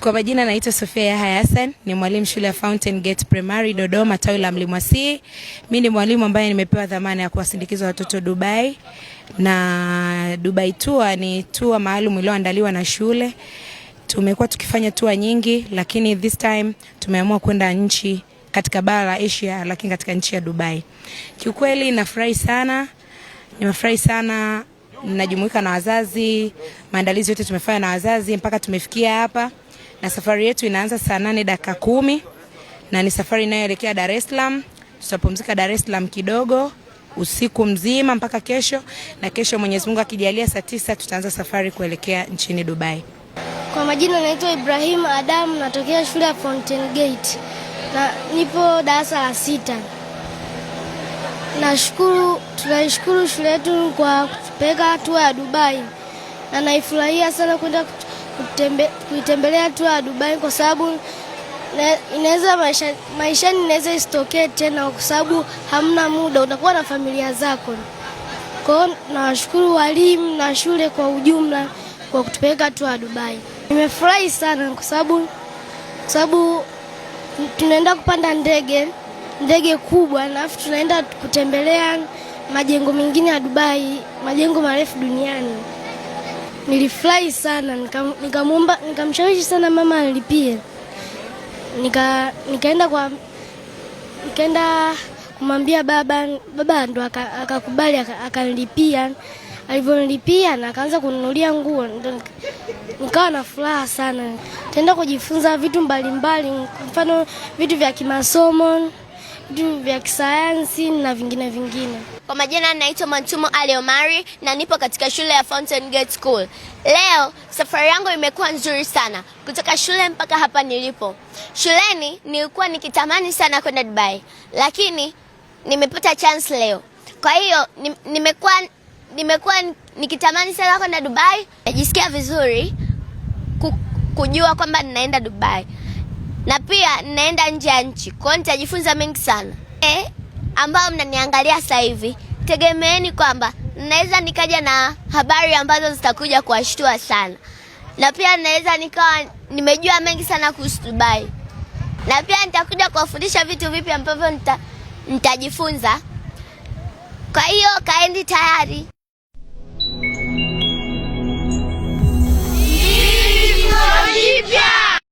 Kwa majina naitwa Sofia Yahya Hassan, ni mwalimu shule ya Fountain Gate Primary Dodoma, tawi la C. Mimi ni mwalimu ambaye nimepewa dhamana ya kuwasindikiza watoto Dubai, na Dubai tour ni tour maalum iliyoandaliwa na shule. Tumekuwa tukifanya tour nyingi, lakini this time tumeamua kwenda nchi katika bara la Asia, lakini katika nchi ya Dubai. Kiukweli nafurahi sana, nimefurahi sana najumuika na wazazi. Maandalizi yote tumefanya na wazazi mpaka tumefikia hapa na safari yetu inaanza saa nane dakika kumi na ni safari inayoelekea Dar es Salaam. Tutapumzika Dar es Salaam kidogo usiku mzima mpaka kesho, na kesho Mwenyezi Mungu akijalia, saa tisa tutaanza safari kuelekea nchini Dubai. Kwa majina naitwa Ibrahim Adam, natokea shule ya Fountain Gate na nipo darasa la sita. Nashukuru, tunaishukuru shule yetu kwa kupeleka hatua ya Dubai na naifurahia sana kwenda kutembe, kuitembelea tu ya Dubai kwa sababu inaweza maisha, maishani inaweza isitokee tena kwa sababu hamna muda, utakuwa na familia zako. Kwa hiyo nawashukuru walimu na shule kwa ujumla kwa kutupeleka tu ya Dubai. Nimefurahi sana kwa sababu kwa sababu tunaenda kupanda ndege ndege kubwa, alafu tunaenda kutembelea majengo mengine ya Dubai, majengo marefu duniani. Nilifurahi sana nikamwomba, nikamshawishi sana mama alipie, nika nikaenda kwa nikaenda kumwambia baba, baba ndo akakubali akanilipia. Alivyonilipia na akaanza kununulia nguo, nikawa na furaha sana. tenda kujifunza vitu mbalimbali, mfano vitu vya kimasomo juu vya kisayansi na vingine vingine. Kwa majina naitwa Mantumo Ali Omari na nipo katika shule ya Fountain Gate School. Leo safari yangu imekuwa nzuri sana kutoka shule mpaka hapa nilipo. Shuleni nilikuwa nikitamani sana kwenda Dubai, lakini nimepata chance leo. Kwa hiyo nimekuwa nimekuwa nikitamani sana kwenda Dubai. Najisikia vizuri kujua kwamba ninaenda Dubai na pia ninaenda nje ya nchi, kwa hiyo nitajifunza mengi sana. E, ambao mnaniangalia sasa hivi, tegemeeni kwamba naweza nikaja na habari ambazo zitakuja kuwashtua sana, na pia naweza nikawa nimejua mengi sana kuhusu Dubai, na pia nitakuja kuwafundisha vitu vipi ambavyo nitajifunza. Kwa hiyo kaendi tayari.